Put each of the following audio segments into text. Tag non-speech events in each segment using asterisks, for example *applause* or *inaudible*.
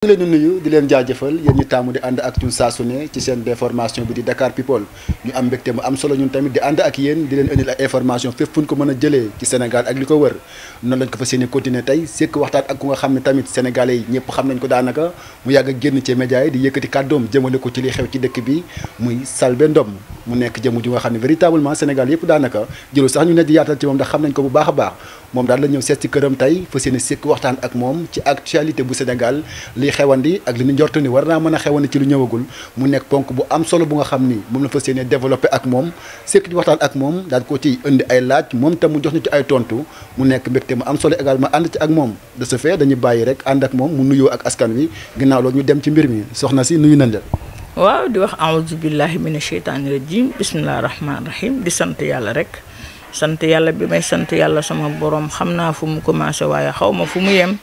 ñu ngi leen di nuyu di leen jaajëfal yéen ñi taamu di ànd ak ñun saa ne ci seen déformation bi di Dakar People ñu am mbégte mu am solo ñun tamit di ànd ak yéen di leen indil ay information fépp fu ñu ko mën a jëlee ci Sénégal ak li ko wër noonu lañ ko fas yéene continuer tey sekk waxtaan ak ku nga xam ne tamit sénégalais yi ñëpp xam nañ ko daanaka mu yàgg a génn ci média yi di yëkkati kàddoom jëmale ko ci li xew ci dëkk bi muy Selbé Ndom mu nekk jëmu ju nga xam ne véritablement Sénégal yëpp daanaka jëlu sax ñu ne di yaatal xam nañ ko bu baax baax moom daal la ñëw seet ci këram tey fas yéene sikk waxtaan ak moom ci actualité bu Sénégal li xewandi ak li ñu njortu ni war naa mën a xewandi ci lu ñëwagul mu nekk ponk bu am solo bu nga xam ni moom la fas yéene développé ak moom sikk ci waxtaan ak moom daal ko ciy indi ay laaj moom tam mu jox ñu ci ay tontu mu nekk mbégte mu am solo également ànd ci ak moom de ce fait bàyyi rek ànd ak moom mu nuyoo ak askan wi ginnaaw loolu ñu dem ci mbir mi soxna si nuyu nañ la waaw di wax aouzu billahi mina sheytaani rajim sant yàlla rek sant yàlla bi may sant yàlla sama borom xam naa fu mu commencé waaye xaw ma fu mu yem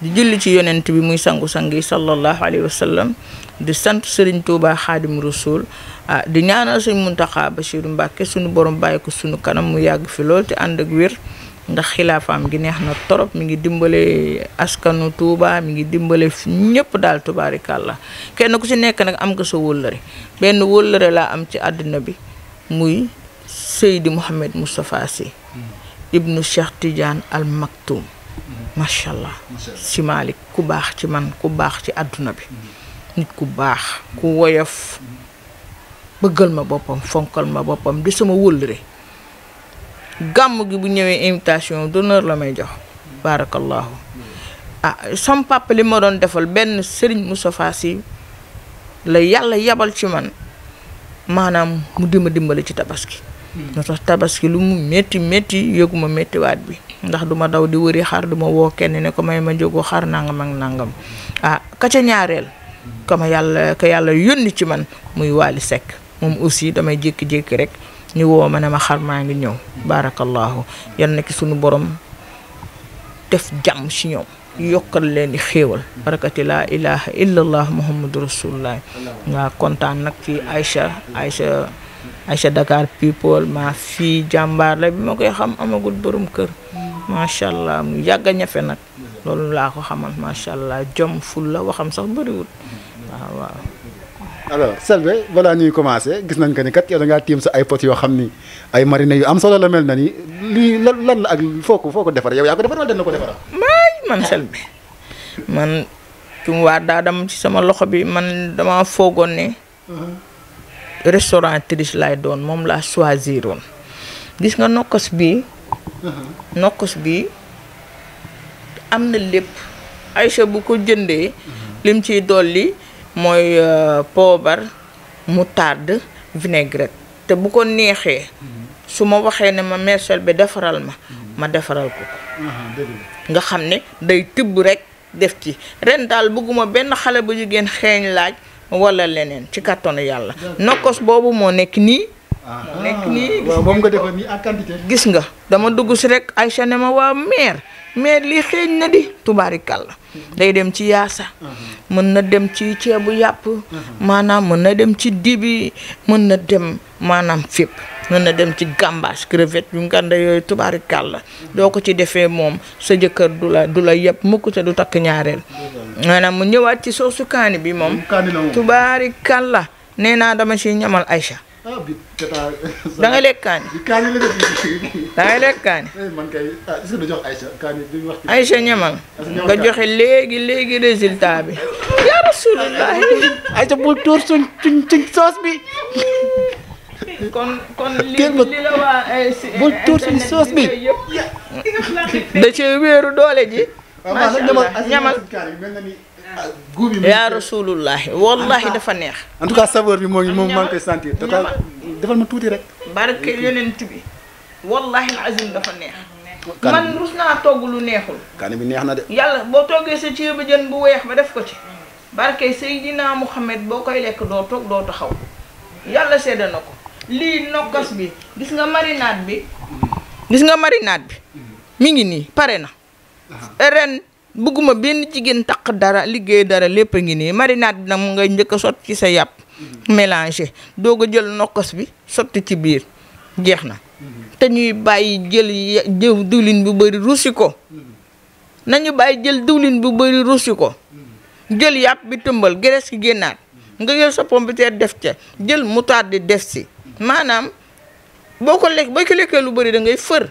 di julli ci yonent bi muy sangu-sang yi sallallahu alayhi wa sallam di sant Serigne Touba Xaadim Rasul ah di ñaanal Serigne Mountakha Bassirou Mbacké suñu borom bàyyi ko suñu kanam mu yàgg fi lool te ànd ak wér ndax xilaafaam gi neex na torop mi ngi dimbale askanu Touba mi ngi dimbale ñëpp daal tubaarikàlla kenn ku si nekk nag am nga sa wóllëre benn wóllëre laa am ci àdduna bi Seydi Mouhamed Moustapha Sy ibnu Cheikh Tidiane al Maktoum macha allah si Malick ku baax ci man ku baax ci àdduna bi nit ku baax ku woyof bëggal ma boppam fonkal ma boppam di sama wëllëre gàmm gi bu ñëwee invitation d'honneur la may jox barakallahu ah li ma doon defal benn Serigne Moustapha si la yàlla yabal ci man maanaam mu dima dimbali ci tabaski moo tax tabaski lu mu métti métti yëguma méttiwaat bi ndax duma daw di wëri xar du ma woo kenn ne ko may ma jógu xar nàngam ak nàngam ah ka ñaareel ka yàlla ka yàlla yónni ci man muy Waly sekk moom aussi damay jékki-jékki rek ñu woo ma ne ma xar maa ngi ñëw barakallahu yan na ki sunu borom def jàmm ci ñoom yokkal leen di xéewal barakati laa ilaha illallah muhammadu rasulullah nga kontaan nag ci Aïcha Aïcha Aïcha Dakar people maa fii jàmbaar bi ma koy xam amagul borom kër macha allah mu yàgg ñafe nag loolu laa ko xamal macha allah jom ful la waxam sax bëriwul waaw waaw. alors Selbé balaa ñuy commencé gis nañ ko ni kat yow da ngaa sa ay pot yoo xam ni ay marine yu am solo la mel na ni lii lan la ak foo ko foo ko defar yow yaa ko defar wala dana ko defar. may man Selbé man. fi mu waa daa dam ci sama loxo bi man dama foogoon ne. Uh-huh. restauratrice lay doon moom laa choisiroon gis nga nokkos bii uh-huh. nokkos bi am na lépp ay Aïcha bu ko jëndee uh-huh. lim ciy dolli mooy euh, poobar moutarde vinaigrette te bu ko neexee uh-huh. su ma waxee ne ma mercel bi defaral ma ma defaral ko ko nga xam ne day tibb rekk def ci ren daal bëgguma benn xale bu jigéen xeeñ laaj wala leneen ci kàttanu yàlla nokkos boobu moo nekk nii moo nekk nii ah, nga defal gis nga dama dugg si rek Aïcha ne ma waa meer meer lii xeeñ na di tubaarikàlla day dem ci yaasa uh-huh. mën na dem ci ceebu yàpp uh-huh. maanaam mën na dem ci dibi mën na dem maanaam fépp mën na dem ci gambas crevette yu nganda yooyu tubaari kàlla doo ko ci defee moom sa jëkkër du la du la yëpp mukk te du takk ñaareel maanaam mu ñëwaat ci soosu kaani bi moom tubaari kàlla nee naa dama ñamal Aïcha ah, *laughs* da ngay lekk kaani *laughs* da ngay lekk kaani eh, ah, Aïcha ñamal nga joxe léegi léegi résultat bi yaa rasulillahi Aïcha bul tuur soos bi *laughs* kon kon li la waa eh, eh, bul tuur suñu soos bi da cee wéeru doole ji. Ah, ñamal yaa rasulullahi wallahi dafa neex. en tout cas saveur bi moo ngi moom maa ngi koy sentir. defal tuuti rek. barke yonent bi wallahi azim dafa neex. man rus naa togg lu neexul. kaani bi neex na de. yàlla boo toggee sa ceebu jën bu weex ba def ko ci. barke Seydina Muhammad boo koy lekk doo toog doo taxaw yàlla sedda na ko. lii nokkos bi gis nga marinaat bi mm. gis nga marinaat bi mm. mi ngi nii pare na ren bëgguma benn jigéen takk dara liggéey dara lépp a ngi nii marinaat bi nag mu ngay njëkk a sot ci sa yàpp mm-hmm. mélangé doog a jël nokkos bi sotti ci biir jeex na mm-hmm. te ñuy bàyyi jël diwlin bu bari ruusi ko mm-hmm. nañu bàyyi jël diwlin bu bari ruusi ko jël yàpp bi tëmbal graisse gi génnaat nga jël sa pomme de def ca jël moutarde di def si maanaam boo ko lekk boo ko lekkee lu bari da ngay fër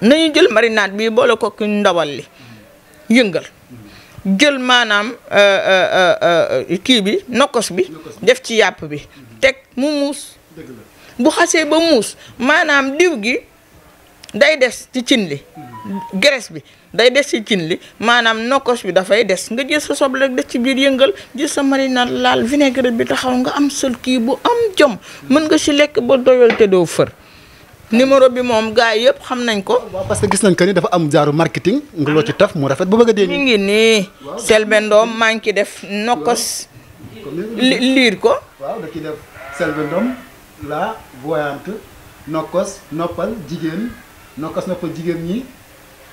nañu jël marinade bi boole ko ki ndawal li yëngal jël maanaam euh, euh, euh, kii bi nokkos bi def ci yàpp bi teg mu muus bu xasee ba muus maanaam diw gi day des ci cin li hmm. graisse bi day des ci cin li maanaam nokkos bi dafay des nga jël sa soble rek des ci biir yëngal jël sa marinade laal vinaigrette bi taxaw nga am sël kii bu am jom mën nga si lekk ba doyal te doo fër numéro bi moom gars yëpp xam nañ ko. waaw parce que gis nañ ko ni dafa am jaaru marketing. nga loo ci taf mu rafet ba bëgg a dee. mi ngi nii Selbé ndoom maa ngi ci def nokkos. liir ko. waaw da ciy def Selbé jigéen nokkos noppal jigéen ñi.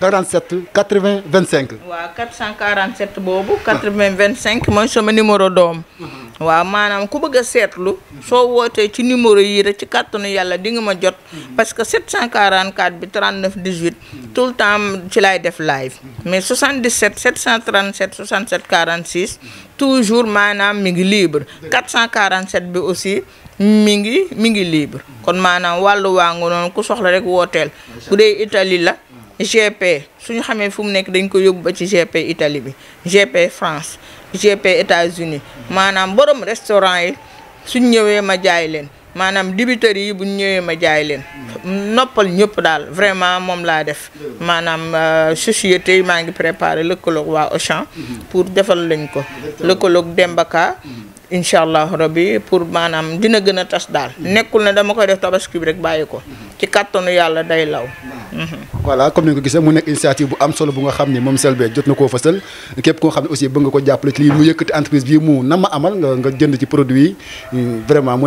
47 80 25. waaw 447 boobu. 80 25 mooy sama numéro doom. waaw maanaam ku bëgg a seetlu. soo wootee ci numéro yii rek ci kàttanu yàlla di nga ma jot. parce que 744 bi 39 18. tout le temps ci laay def live. mais 77 737 67 46. toujours maanaam mi ngi libre. 447 bi aussi. mi ngi mi ngi libre kon maanaam wàllu waa nga noonu ku soxla rek wooteel bu dee Italie la GP suñu xamee fu mu nekk dañ ko yóbbu ba ci GP itali bi GP France GP États-Unis maanaam borom restaurant yi suñ ñëwee ma jaay leen maanaam dibiteri yi buñ ñëwee ma jaay leen noppal ñëpp daal vraiment moom laa def maanaam euh, société yi maa ngi préparer lëkkaloog waa Auchan pour defal lañ ko lëkkaloog Dembaka incha allahu rabbi pour maanaam dina gën a tas daal mhm. nekkul ne dama koy def tabaski bi rek bàyyi ko mhm. ci kàttanu yàlla day law mhm. voilà comme ni ko gisee mu nekk initiative bu am solo bu nga xam ne moom Selbé jot na koo fësal képp ko nga xam ne aussi bëgg nga ko jàppale ci lii mu yëkkati entreprise bi mu nama amal nga jënd ci produit yi mm, vraiment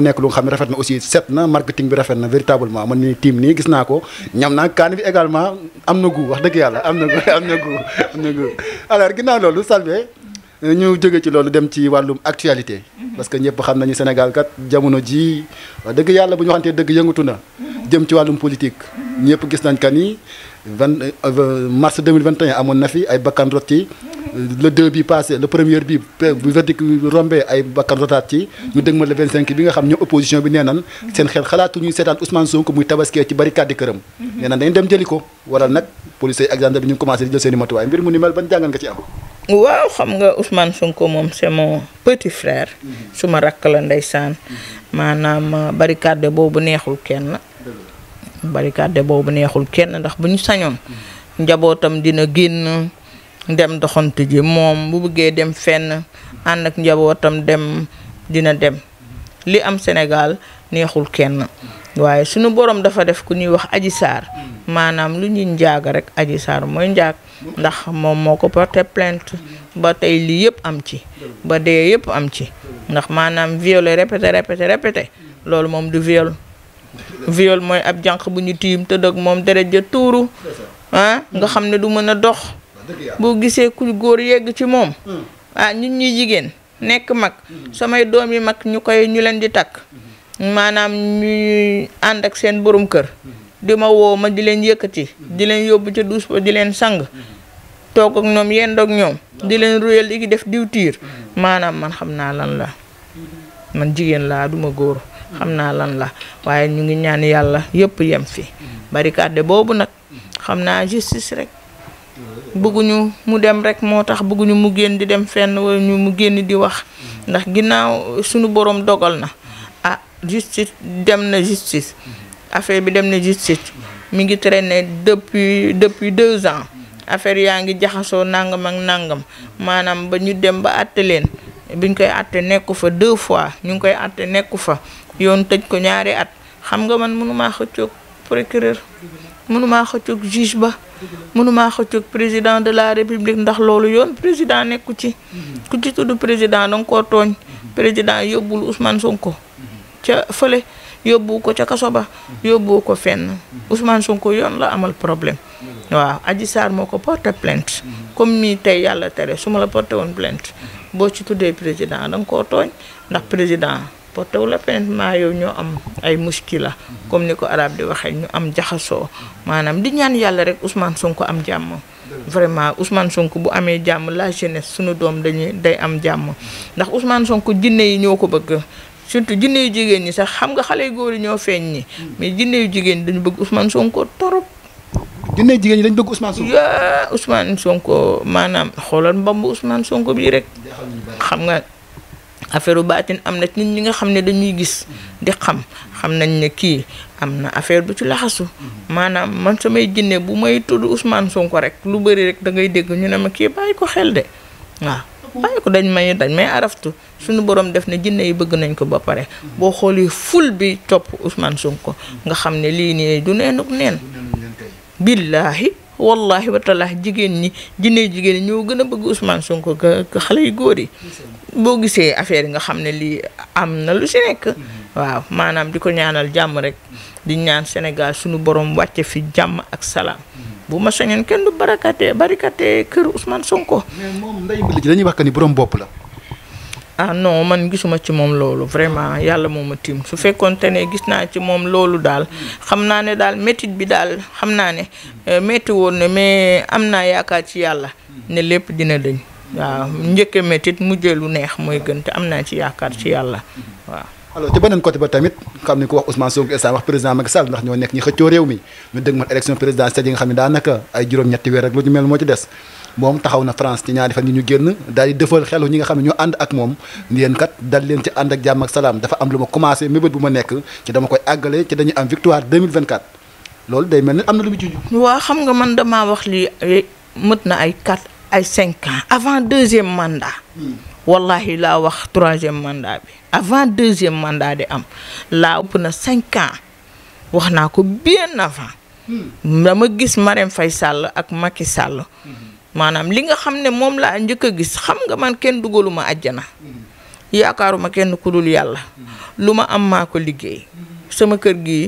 ni team nii gis naa ko ñam naa kaan bi également am na gu wax dëgg yàlla am na gu *laughs* am na gu am na ñu jóge ci loolu dem ci wàllum actualité mhm. parce que ñëpp xam nañu Sénégal kat jamono ji wax dëgg yàlla bu ñu waxantee dëgg yëngatu na mhm. jëm ci wàllum politique mhm. ñëpp gis nañ ka ni vingt euh, mars 2021 amoon na fi ay bakkan rot le deux bi passé le premier bi bu verdict rombé ay bakkan rotaat ci ñu dëg ma le vingt cinq bi nga xam ñoom opposition bi nee nan seen xel xalaatu ñuy seetaan Ousmane Sonko muy tabaskee ci barricade këram nee dañ dem jëli ko waral nag police ak gendarme bi ñu commencé di jël seen matuwaay mbir mu ni mel ban jàngal nga ci am waaw xam nga Ousmane Sonko moom c'est petit frère suma rakk la ndeysaan maanaam euh, barricade boobu neexul kenn barricade boobu neexul bu ñu sañoon njabootam dina dem doxantu ji moom bu bëggee dem fenn ànd ak njabootam dem dina dem li am Sénégal neexul kenn waaye sunu borom dafa def ku ñuy wax aji saar maanaam lu ñuy njaaga rek aji Sarr mooy njaag ndax moom moo ko porté plainte ba tey lii yëpp am ci ba dee yëpp am ci ndax maanaam violé répété répété répété loolu moom du viol viol mooy ab jànq bu ñu tiim tëdd ak moom deret ja tuuru ah nga xam ne du mën a dox boo gisee ku góor yegg ci moom hmm. ah ñun ñuy jigéen hmm. nekk mag hmm. samay doom yi mag ñu koy ñu leen di takk maanaam ñuy ànd ak seen borom kër di ma woo ma di leen yëkkati di leen yóbbu ca duus ba di leen sang toog ak ñoom yendoog ak ñoom di leen ruyal di def diw tiir maanaam man xam naa lan la man jigéen laa duma góor xam naa lan la waaye ñu ngi ñaan yàlla yëpp yem fi barricade boobu nag xam naa justice rek ñu mu dem rek moo tax bëgguñu mu génn di dem fenn wala ñu mu génn di wax mm-hmm. ndax ginnaaw suñu borom dogal na mm-hmm. ah justice dem na justice mm-hmm. affaire bi dem na justice mi ngi traîner depuis depuis deux ans affaire yaa ngi jaxasoo nangam ak nangam maanaam ba ñu dem ba àtte leen bi biñ koy àtte nekku fa deux fois ñu ngi koy àtte nekku fa yoon tëj ko ñaari at xam nga man mënumaa xëccoog procureur mënumaa xëcc juge ba mënumaa xëcc président de la république ndax loolu yoon président nekku ci ku ci tudd président danga koo tooñ président yóbbul Ousmane Sonko ca fële yóbbu ko ca kaso ba yóbbu ko fenn Ousmane Sonko yoon la amal problème waaw aji Sarr moo ko porté plainte comme nii tey yàlla tere suma la porte woon plainte boo ci tuddee président danga koo tooñ ndax président porté wul apparemment yow ñoo am ay muskila comme ni ko arab di waxee ñu am jaxasoo maanaam di ñaan yàlla rek Ousmane Sonko am jàmm vraiment Ousmane Sonko bu amee jàmm la jeunesse suñu doom dañuy day am jàmm ndax Ousmane Sonko jinne yi ñoo ko bëgg surtout jinne yu jigéen ñi sax xam nga xale yu góor yi ñoo feeñ ñi mais jinne yu jigéen dañu bëgg Ousmane Sonko torop jinne yu jigéen ñi dañu bëgg Ousmane Sonko yaa Ousmane maanaam xoolal mbamb Ousmane Sonko bii rek xam nga affaire baatin am na ci nit ñi nga xam ne dañuy gis di xam xam nañ ne kii am na affaire bu ci laxasu maanaam man samay jinne bu may tudd Ousmane Sonko rek lu bëri rek da ngay dégg ñu ne ma kii bàyyi ko xel de waaw bàyyi ko dañ may dañ may araftu suñu borom def ne jinne yi bëgg nañ ko ba pare boo xoolee ful bi topp Ousmane Sonko nga xam ne lii nii du neenuk neen billaahi wallahi watalaah jigéen ñi jinne jigéen ñi ñoo gën a bëgg Ousmane Sonko ka xale yu góor yi boo gisee affaire nga xam ne lii am na lu si nekk waaw maanaam di ko ñaanal jàmm rek di ñaan Sénégal suñu borom wàcce fi jàmm ak salaam bu ma soñoon kenn du barakate barikate kër Ousmane Sonko mais moom nday mbili ji dañuy ni borom bopp la ah non man gisuma ci moom loolu vraiment yàlla moom ma tiim su fekkoonte ne gis naa ci moom loolu daal xam naa ne daal métit bi daal xam naa ne euh, métti woon na mais am naa yaakaar ci yàlla ne lépp dina dëñ waaw njëkke métit mujjee lu neex mooy gën te am naa ci yaakaar ci yàlla waaw. alors ci beneen côté ba tamit xam ni ko wax Ousmane Sonko instant wax ndax ñoo nekk ñi xëccoo réew mi ñu dëgg man élection présidentielle yi nga xam ne daanaka ay juróom-ñetti weer rek lu ñu mel moo ci des. moom taxaw na France ci ñaari fan yi ñu génn daal di defal xelu ñi nga xam ne ñu ànd ak moom yéen kat dal leen ci ànd ak jàmm ak salaam dafa am lu ma commencé mébét bu ma nekk ci dama koy àggale ci dañuy am victoire 2024 loolu day mel ni am na lu mu ju waaw xam nga man damaa wax lii eh, mët na ay 4 ay cinq ans avant deuxième mandat. Hmm. wallahi laa wax troisième mandat bi avant deuxième mandat di am laa ëpp na cinq ans wax naa ko bien a hmm. dama gis Marème Faye Sall ak Macky Sall. Hmm. maanaam li nga xam ne moom laa njëkk a gis xam nga man kenn dugaluma àjjana yaakaaruma kenn ku dul yàlla lu ma am maa ko liggéey sama kër gi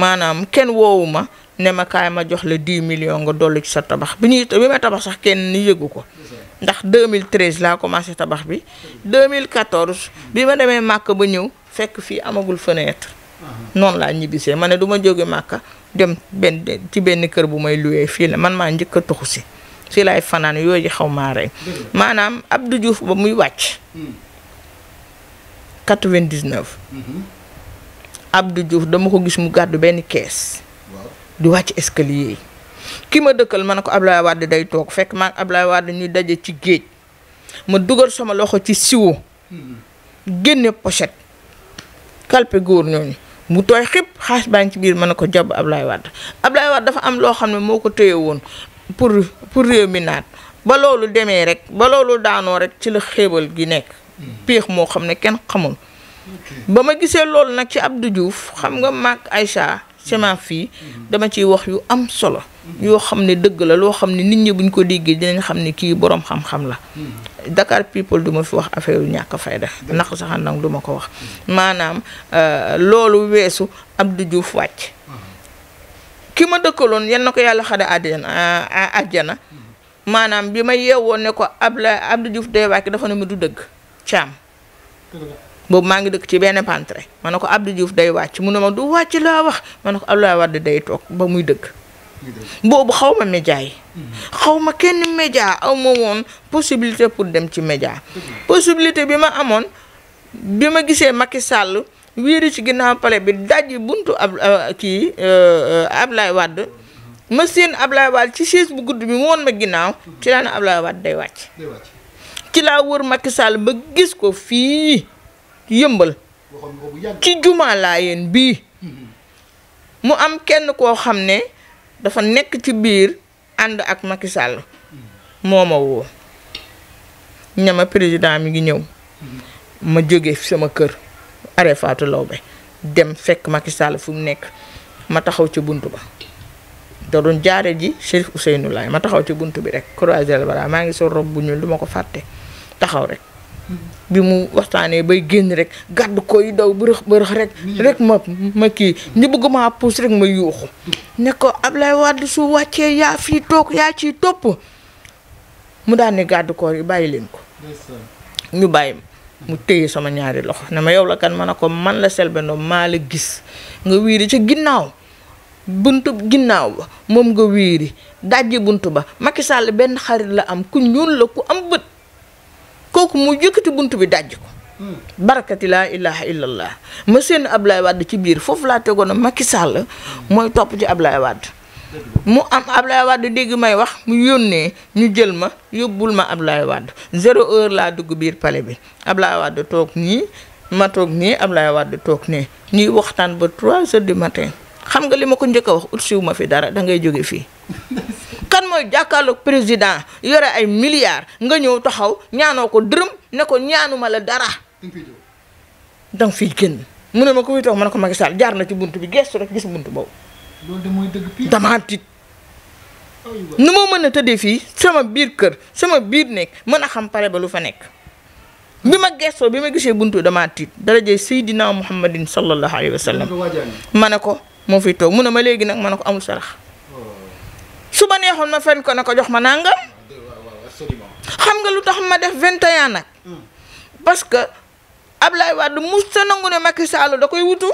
maanaam kenn woowu ma ne ma kaay ma jox la 10 millions nga dolli ci sa tabax bi ñuy bi ma tabax sax kenn ni yëgu ko ndax 2013 laa commencé tabax bi 2014 bi ma demee màkk ba ñëw fekk fii amagul fenêtre noonu laa ñibbisee ma ne du ma jóge màkka dem benn ci benn kër bu may luwee fii la man maa njëkk a toxu si fii laay fanaan yooyu xaw maa rey maanaam Abdou Diouf ba muy wàcc 99 hmm. hmm. Abdou Diouf dama ko gis mu gàddu benn kees di wàcc escalier yi ki ma dëkkal ma ne ko Ablaye Wade day toog fekk maa ngi Ablaye Wade ñuy daje ci géej ma dugal sama loxo ci siwo hmm. génne pochette kalpe góor ñooñu mu tooy xib xaas baa ngi ci biir mën a ko jàpp Ablaye Wade Ablaye Wade dafa am loo xam ne moo ko téye woon pour pour réew mi naat ba loolu demee rek ba loolu daanoo rek ci la xéebal gi nekk péex moo xam ne kenn xamul ba ma gisee loolu nag ci Abdou Diouf xam nga ay Aïcha sama fii mm-hmm. dama ciy wax yu am solo mm-hmm. yoo xam ne dëgg la loo xam ne nit ñi buñ ko déggee dinañ xam ne kii boroom xam-xam la mm-hmm. Dakar people duma fi wax affaire yu ñàkk def naq saxan nag duma ko wax maanaam euh, loolu weesu Abdou Diouf wàcc uh-huh. ki ma dëkkaloon yal na ko yàlla xada àjjana àjjana maanaam bi ma yeewoon ne ko Abla Abdou Diouf day wàcc dafa ne mu du dëgg caam boobu maa ngi dëkk ci benn pentre ma ne ko Abdou Diouf day wàcc mu ne ma du wàcc laa wax ma ne ko laa Wade day toog ba muy dëgg boobu xaw ma média yi xaw ma kenn média aw ma woon possibilité pour dem ci média possibilité bi ma amoon bi ma gisee Macky sàll wiiri ci ginnaaw pale bi dajji buntu ab euh, kii euh, Ablaye Wade ma seen Ablaye Wade ci chaise bu gudd bi mu woon ma ginnaaw ci laa ne Ablaye Wade day wàcc ci laa wër Macky Sall ba gis ko fii yëmbal ci jumaa laa yéen bii mm-hmm. mu am kenn koo xam ne dafa nekk ci biir ànd ak Macky Sall mm-hmm. moo ma ñama président mi ngi ñëw mm-hmm. ma jóge sama kër are Fatou Laobé dem fekk Macky Sall fu mu nekk ma taxaw ci bunt ba da doon jaare ji Chérif Ousseynou ma taxaw ci buntu bi rek maa ngi sol robe bu ñuul du ma ko fàtte taxaw rek bi mu waxtaanee bay génn rek gàdd koy daw bërëx bërëx rek rek ma ma kii ñu bëgg maa puus rek ma yuuxu ne ko Ablaye Wade su wàccee yaa fii toog yaa ciy topp mu daan ne gàdd koor yi bàyyi leen ko ñu bàyyi ma mu téye sama ñaari loxo ne ma yow la kan ma ne ko man la Selbé Ndom maa la gis nga wiiri ci ginnaaw bunt ginnaaw ba moom nga wiiri dajji bunt ba makki sàll benn xarit la am ku ñuul la ku am bët kooku mu yëkkati bunt bi dajj ko hmm. barakati laa ilaha illallah ma seen Ablaye Wade ci biir foofu laa tegoon a Macky sàll mooy topp ci Ablaye Wade mu am Ablaye Wade dégg may wax mu yónnee ñu jël ma yóbbul ma Ablaye Wade zéro heure laa dugg biir pale bi Ablaye Wade toog nii ma toog nii Ablaye Wade toog ne ñuy waxtaan ba trois heures du matin xam nga li ma ko njëkk a wax ut siw ma fi dara dangay ngay jóge fii *laughs* kan mooy jàkkaarloog président yore ay milliards nga ñëw taxaw ñaanoo ko dërëm ne ko ñaanuma la dara danga fii génn mu ne ma ko fi toog ma ne ko Macky jaar na ci bunt bi gestu rek gis bunt boobu loolu de mooy dëgg pire damaa tiit nu ma mën a tëddee fii sama biir kër sama biir nekk mën a xam pare ba lu fa nekk bi ma gestoo bi ma gisee buntu damaa tiit daraje Seydina Muhammadin sallallahu alayhi wa sallam ma ne ko moo fiy toog mu a ma léegi nag ma ne ko amul sarax oh. su ma neexoon ma fen ko ne ko jox ma nangam ah, xam nga lu tax ma def 21 nag hmm. parce que Ablaye Wade mus sa nangu ne Macky Sall da koy wutu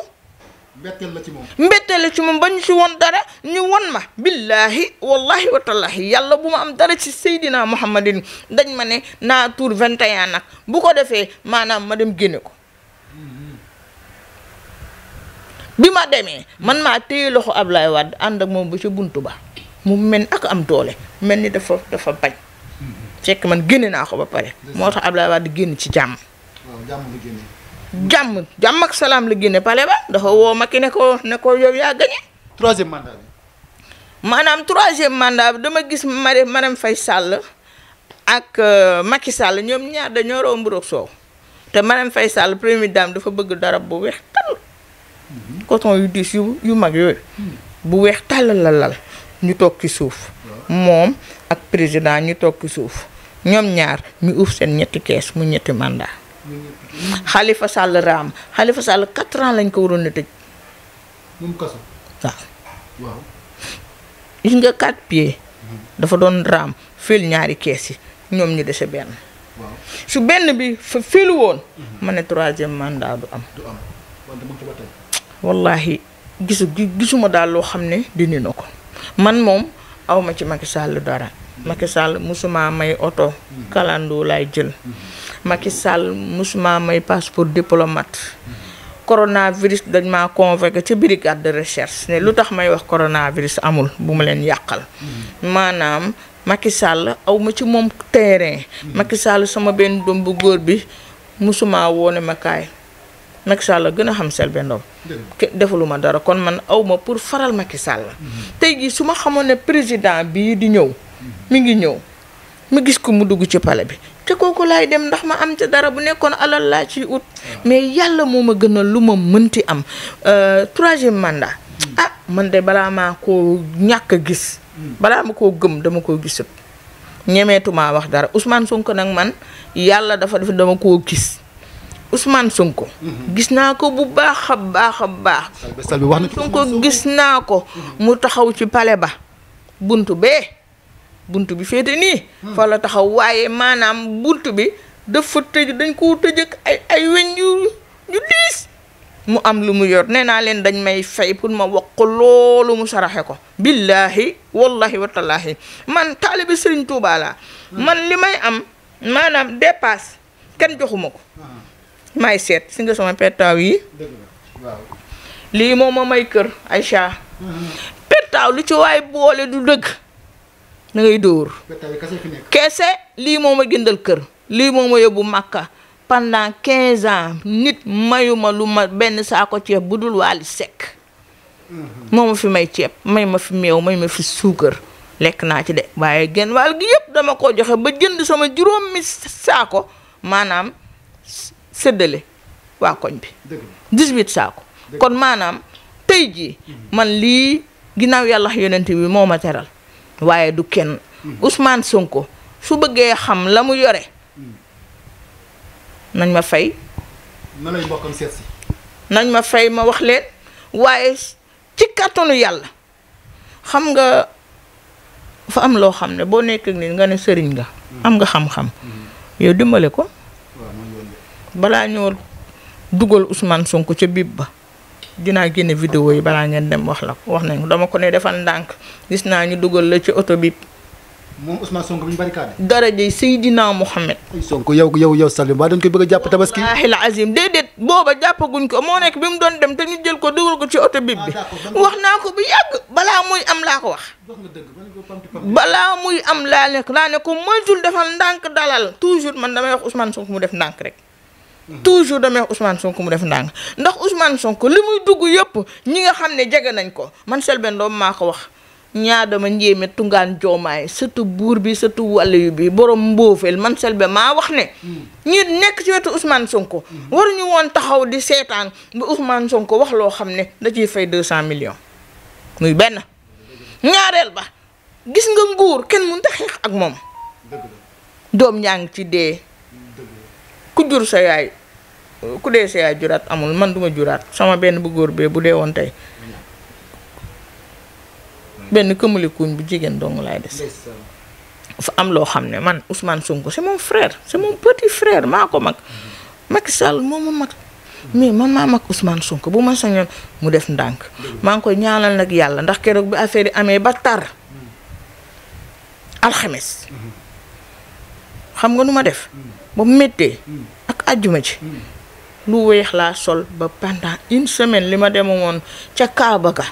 mbetteel la ci moom mbetteel la ci moom ba ñu ci woon dara ñu won ma billaahi wallahi wa yàlla bu ma am dara ci Seydina Muhammadin dañ ma ne naa tour 21 nag bu ko defee maanaam ma dem génne ko bi ma demee man maa téye loxo Ablaye wadd ànd ak moom bu ca bunt ba mu mel ak am doole mel ni dafa dafa bañ mm-hmm. fekk man génne naa ko ba pare moo tax ab Ablaye Wade génn ci jàmm jàmm jàmm ak salaam la génne pale ba dafa woo Macky ne ko ne ko yow yaa gagné. troisième mandat bi. bi dama gis mari Marème fay sàll ak euh, Macky sàll ñoom ñaar dañoo romb roog soow te Marème fay sàll première dame dafa bëgg dara bu weex tàll. Mhm. coton yu diis yu yu mag yooyu. Hmm. bu weex tàll la lal ñu toog ci suuf. moom ak président ñu toog ci suuf ñoom ñaar ñu uuf seen ñetti kees mu ñetti mandat. Khalifa Sall raam Khalifa Sall quatre ans lañ ko waroon a tëj. waaw. gis nga quatre pieds. Mhm. dafa doon raam fil ñaari kees yi ñoom ñu dese benn. su benn bi fa filu woon. Mhm. ma ne troisième mandat du am. du am wallaahi gisuma daal loo xam ne dindi na ko man moom awma ci Macky sàll dara. Mhm. Macky Sall musuma may oto. kalandoo laay jël. Macky Sall musuma may passeport diplomate. coronavirus dañ maa convoqué ca brigade de recherche ne lu tax may wax coronavirus amul bu ma leen yàqal. maanaam Macky Sall aw ma ci moom terrain. Macky Sall sama benn doom bu góor bi musuma woone ma kaay. Macky Sall gën a xam Selbé Ndom defaluma dara kon man awma pour faral Macky Sall. Mhm. tey jii su ma xamoon ne président bii di ñëw. mi ngi ñëw. ma gis ko mu dugg ci pale bi te kooku laay dem ndax ma am ca dara bu nekkoon alal laa ci ut ah. mais yàlla moo ma gënal lu ma mënti am euh, troisième mandat hmm. ah man de balaa maa koo ñàkk a gis hmm. balaa ma ko gëm dama koo gisut ñemeetumaa wax dara Ousmane Sonko nag man yàlla dafa def dama koo gis Ousmane Sonko. Hmm. gis naa ko bu baax a baax a baax. Sonko gis naa ko. mu taxaw ci pale ba bunt bee. bunt bi féete nii fa la taxaw waaye maanaam bunt bi dafa tëj dañ koo tëjëk ay ay weñ yu diis mu am lu mu yor nee naa leen dañ may fay pour ma wax loolu mu saraxe ko billaahi wallahi watallaahi man taalibi sëriñ Tuubaa laa man li may am maanaam dépasse kenn joxuma ko may seet si nga sama pettaaw yi lii moom ma may kër ay Aïcha mm-hmm. pettaaw lu ci waay boole du dëgg nangay ngay dóor kese lii moom ma jëndal kër lii moo ma yóbbu Makka pendant quinze ans nit mayuma lu ma benn saako ceeb bu dul waali sekk mhm. moom ma fi may ceeb may ma fi meew may ma fi suukar lekk naa ci de waaye genn wàll gi yëpp dama ko joxe ba jënd sama juróom mi saako maanaam séddale waa koñ bi dix-huit saako kon maanaam tey ji mhm. man lii ginnaaw yàlla yonent bi moo ma teral waaye du kenn usmaan Sonko su bëggee xam la mu yore nañ ma fay. na nañ ma fay ma wax leen waaye ci kàttanu yàlla xam nga fa am loo xam ne boo nekk nii nga ne sëriñ nga. am nga xam-xam. yow dimbale ko. balaa ñoo dugal usmaan Sonko ca biib ba. dinaa génne vidéo yi balaa ngeen dem wax la ko wax nañ ko dama ko ne defal ndànk gis naa ñu dugal la ci oto bi. moom Ousmane Sonko bi ñu barricade. dara de Seydina Mohamed. Sonko yow yow yow Salim waa dañ koy bëgg a jàpp tabaski. wallaahi la azim déedéet booba jàppaguñ ko moo nekk bi mu doon dem te ñu jël ko dugal ko ci oto bi ah, bi wax naa ko bu yàgg balaa muy am laa ko wax. balaa muy am laa nekk laa ne ko moytul defal ndànk dalal toujours man damay wax Ousmane Sonko mu def ndànk rek. toujours damay wax Ousmane Sonko mu def ndànk ndax Ousmane Sonko li muy dugg yëpp ñi nga xam ne jege nañ ko man Selbé Ndom maa ko wax ñaa dama njéeme tungaan joomaay surtout buur bi surtout wàllu bi borom mbóofeel man selbe maa wax ne ñi nekk ci wetu Ousmane Sonko waruñu woon taxaw di seetaan ba Ousmane Sonko wax loo xam ne da ciy fay deux cent million muy benn ñaareel ba gis nga nguur kenn mënut a xeex ak moom doom ñaa ngi ci dee ku jur sa yaay ku dee seeyaay juraat amul man duma juraat sama benn bu góor bee bu dee woon tey benn këmalikuñ bu jigéen dong laay des fa am loo xam ne man Ousmane sunk c'est mon frère c'est mon petit frère maa ko mag Macky Sall moo ma mag mais man maa bu ma sañoon mu def ndànk maa ngi koy ñaanal nag yàlla ndax keroog bi affaire yi amee ba tar alxames mm-hmm. xam nga nu ma def mm. ba mu ak àjjuma ci lu weex laa sol ba pendant une semaine li ma dema woon ca Kaaba ga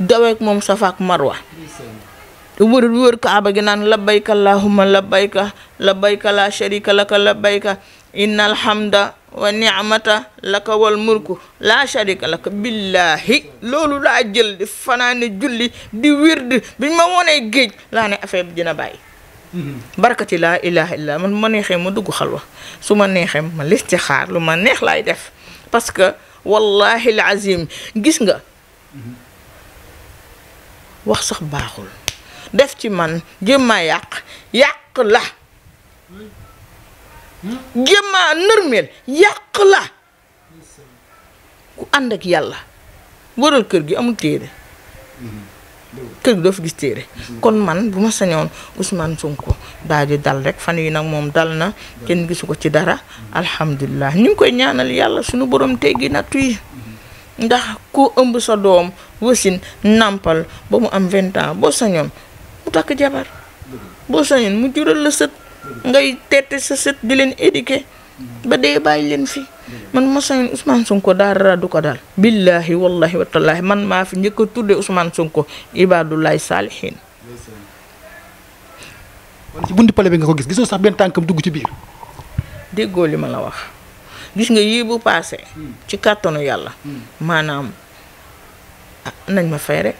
daweek moom safaak marwa wër wër Kaaba gi naan labbayka allahumma labbayka labbayka la sharika laka labbayka innal hamda wa ni'mata laka wal mulku la sharika laka billahi loolu laa jël di fanaane julli di wird biñ ma wonee géej laa ne affaire bi dina bàyyi barkati laa ilaha illa man bu ma neexee ma dugg xalwa su ma neexee ma xaar lu ma neex laay def parce que wallahi gis nga wax sax baaxul def ci man jéem maa yàq yàq la jéem maa yàq la ku ànd ak yàlla waral kër gi amul téere kër gi doo fi gis téere kon man bu ma sañoon Ousmane Sonko daal di dal rek fan yi nag moom dal na kenn gisu ko ci dara alhamdulilah ñu koy ñaanal yàlla suñu borom teggi nag yi ndax ku ëmb sa doom wasin nàmpal ba mu am vingt ans boo sañoon mu takk jabar boo sañoon mu jural la sët ngay teete sa sët di leen éduquer ba dee bàyyi leen fi man mosañoon Ousmane Sonko dara du ko daal billaahi wallahi watallaahi man maa fi njëkk a tudde Ousmane Sonko ibadullahi saalihin kon ci buntu pale bi nga ko gis gisoo sax benn tànkam dugg ci biir déggoo li ma la wax gis nga yii bu paase. Hmm. ci kàttanu yàlla hmm. maanaam ah nañ ma fay rek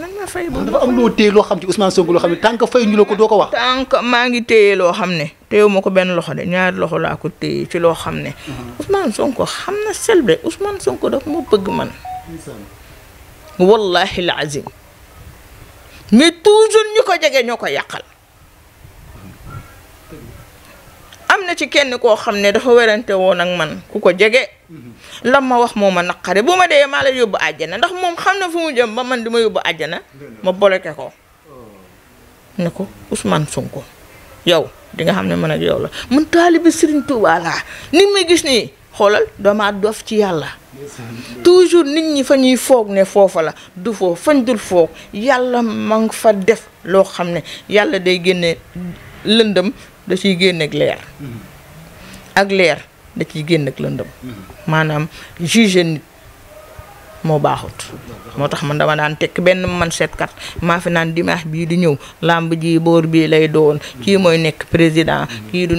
nan ma fay ba dafa am loo téye loo xam ci Ousmane Sonko loo xam ne tànk fay ñu ko doo ko wax. tànk maa ngi téye loo xam ne téyewu ma ko benn loxo de ñaari loxo laa ko téye ci loo xam ne. Mhm. Ousmane Sonko xam na Selbé Ousmane Sonko daf ma bëgg man. wallaahi la azim mais toujours ñu ko jege ñoo ko yàqal. ci kenn koo xam ne dafa werante woon ak man ku ko jege lam ma wax moo ma naqare bu ma dee maa la yóbbu àjjana ndax moom xam na fu mu jëm ba man di ma yóbbu àjjana ma boloke ko ne ko yow di xam ne man ak yow la man taalibi Serigne Touba laa ni ma gis nii xoolal dama dof ci yàlla toujours nit ñi fa ñuy foog ne foofa la du foofu fañ dul foog yàlla ma ngi fa def loo xam ne yàlla day génne lëndëm da ciy génn ak leer mm-hmm. ak leer da ciy génn ak lëndëm mm-hmm. maanaam juge nit moo baaxut moo tax man dama daan tekk benn man seetkat maa fi naan dimanche bii di ñëw làmb ji boor bii lay doon kii mooy nekk président kii du